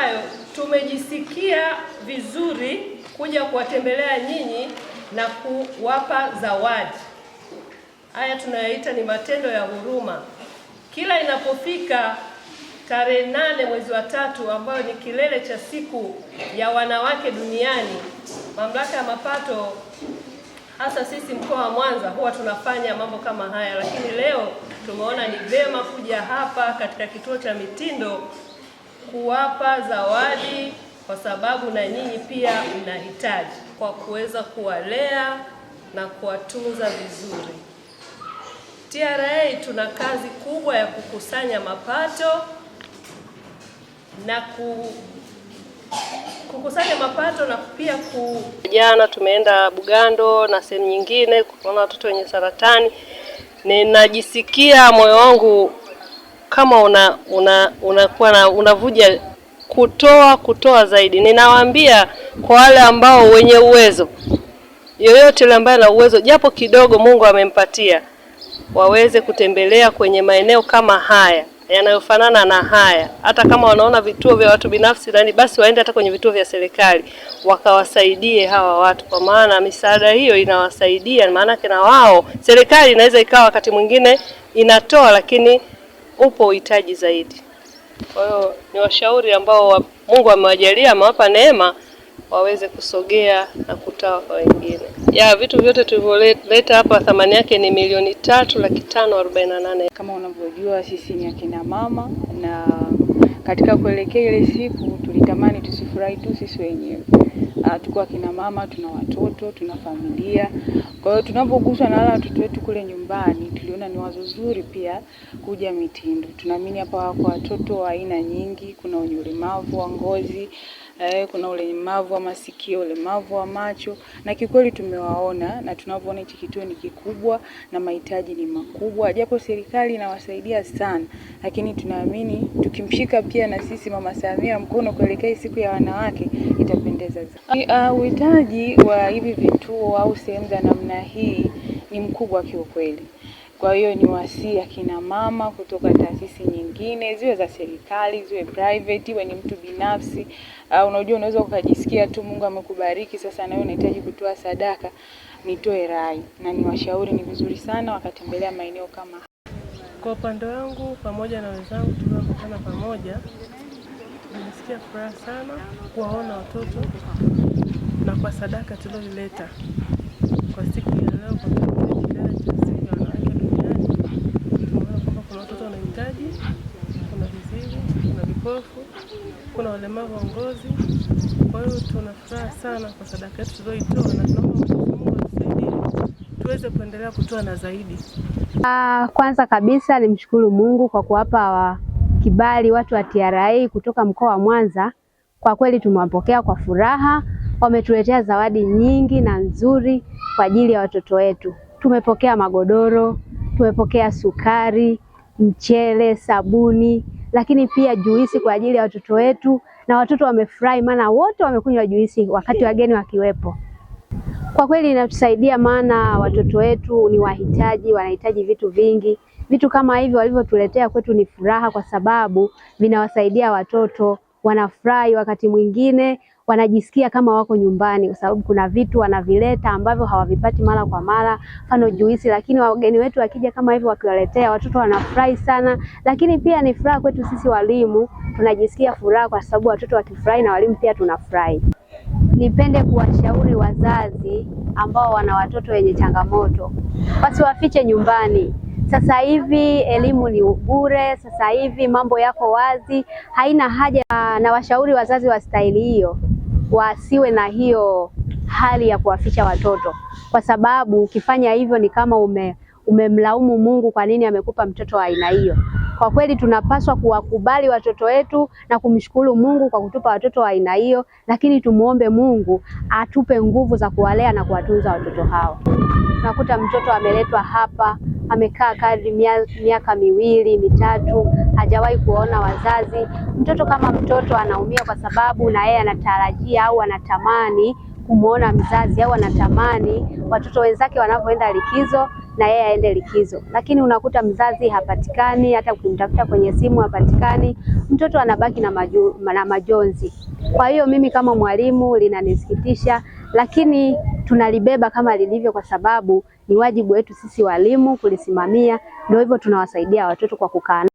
Hayo tumejisikia vizuri kuja kuwatembelea nyinyi na kuwapa zawadi. Haya tunayaita ni matendo ya huruma. Kila inapofika tarehe nane mwezi wa tatu ambayo ni kilele cha siku ya wanawake duniani, mamlaka ya mapato hasa sisi mkoa wa Mwanza huwa tunafanya mambo kama haya, lakini leo tumeona ni vema kuja hapa katika kituo cha Mitindo kuwapa zawadi, kwa sababu na nyinyi pia mnahitaji, kwa kuweza kuwalea na kuwatunza vizuri. TRA tuna kazi kubwa ya kukusanya mapato na ku kukusanya mapato na pia ku... Jana tumeenda Bugando na sehemu nyingine kuona watoto wenye saratani, ninajisikia moyo wangu kama una una unakuwa na unavuja kutoa kutoa zaidi. Ninawaambia kwa wale ambao wenye uwezo, yoyote yule ambaye ana uwezo japo kidogo Mungu amempatia, waweze kutembelea kwenye maeneo kama haya yanayofanana na haya. Hata kama wanaona vituo vya watu binafsi ndani, basi waende hata kwenye vituo vya serikali wakawasaidie hawa watu, kwa maana misaada hiyo inawasaidia, maanake na wao serikali inaweza ikawa wakati mwingine inatoa lakini upo uhitaji zaidi. Kwa hiyo ni washauri ambao wa Mungu amewajalia amewapa neema waweze kusogea na kutoa kwa wengine. Ya vitu vyote tulivyoleta hapa thamani yake ni milioni tatu laki tano arobaini na nane. Kama unavyojua sisi ni akina mama, na katika kuelekea ile siku tulitamani tusifurahi tu sisi wenyewe uh, tuko akina mama, tuna watoto, tuna familia. Kwa hiyo tunapoguswa na wale watoto wetu kule nyumbani, tuliona ni wazo zuri pia kuja Mitindo. Tunaamini hapa wako watoto wa aina nyingi, kuna wenye ulemavu wa ngozi eh, kuna ulemavu wa masikio, ulemavu wa macho, na kikweli tumewaona na tunavyoona hichi kituo ni kikubwa na mahitaji ni makubwa, japo serikali inawasaidia sana, lakini tunaamini tukimshika pia na sisi Mama Samia mkono kuelekea siku ya wanawake itapendeza zaidi. Uh, uhitaji wa hivi vituo au sehemu za namna hii ni mkubwa kiukweli. Kwa hiyo ni wasii akina mama kutoka taasisi nyingine, ziwe za serikali, ziwe private, iwe ni mtu binafsi. Uh, unajua unaweza ukajisikia tu Mungu amekubariki sasa, nawe unahitaji kutoa sadaka, nitoe rai na niwashauri, ni vizuri sana wakatembelea maeneo kama Kwa upande wangu pamoja na wenzangu tuliokutana pamoja Nimesikia furaha sana kuwaona watoto na kwa sadaka tulioleta kwa siku ya leo, kuna watoto wanahitaji, kuna viziwi, kuna vipofu, kuna walemavu wa ngozi. Kwa hiyo tuna furaha sana kwa sadaka yetu tulioitoa, na tunaomba Mungu atusaidie tuweze kuendelea kutoa na zaidi. Ah, kwanza kabisa nimshukuru Mungu kwa kuwapa kibali watu wa TRA kutoka mkoa wa Mwanza. Kwa kweli tumewapokea kwa furaha, wametuletea zawadi nyingi na nzuri kwa ajili ya watoto wetu. Tumepokea magodoro, tumepokea sukari, mchele, sabuni, lakini pia juisi kwa ajili ya watoto wetu, na watoto wamefurahi, maana wote wamekunywa juisi wakati wageni wakiwepo. Kwa kweli inatusaidia, maana watoto wetu ni wahitaji, wanahitaji vitu vingi. Vitu kama hivyo walivyotuletea kwetu ni furaha, kwa sababu vinawasaidia watoto, wanafurahi, wakati mwingine wanajisikia kama wako nyumbani, kwa sababu kuna vitu wanavileta ambavyo hawavipati mara kwa mara, mfano juisi. Lakini wageni wetu wakija kama hivyo, wakiwaletea watoto wanafurahi sana. Lakini pia ni furaha kwetu sisi walimu, tunajisikia furaha kwa sababu watoto wakifurahi na walimu pia tunafurahi. Nipende kuwashauri wazazi ambao wana watoto wenye changamoto, wasiwafiche nyumbani. Sasa hivi elimu ni bure, sasa hivi mambo yako wazi, haina haja. Na washauri wazazi wa staili hiyo wasiwe na hiyo hali ya kuwaficha watoto, kwa sababu ukifanya hivyo ni kama ume umemlaumu Mungu kwa nini amekupa mtoto wa aina hiyo. Kwa kweli tunapaswa kuwakubali watoto wetu na kumshukuru Mungu kwa kutupa watoto wa aina hiyo, lakini tumuombe Mungu atupe nguvu za kuwalea na kuwatunza watoto hao. Unakuta mtoto ameletwa hapa amekaa kadri miaka miwili mitatu, hajawahi kuona wazazi. Mtoto kama mtoto anaumia kwa sababu na yeye anatarajia au anatamani kumwona mzazi au anatamani watoto wenzake wanavyoenda likizo na yeye aende likizo, lakini unakuta mzazi hapatikani, hata ukimtafuta kwenye simu hapatikani, mtoto anabaki na, maju, na majonzi. Kwa hiyo mimi kama mwalimu linanisikitisha, lakini tunalibeba kama lilivyo, kwa sababu ni wajibu wetu sisi walimu kulisimamia. Ndio hivyo tunawasaidia watoto kwa kukaa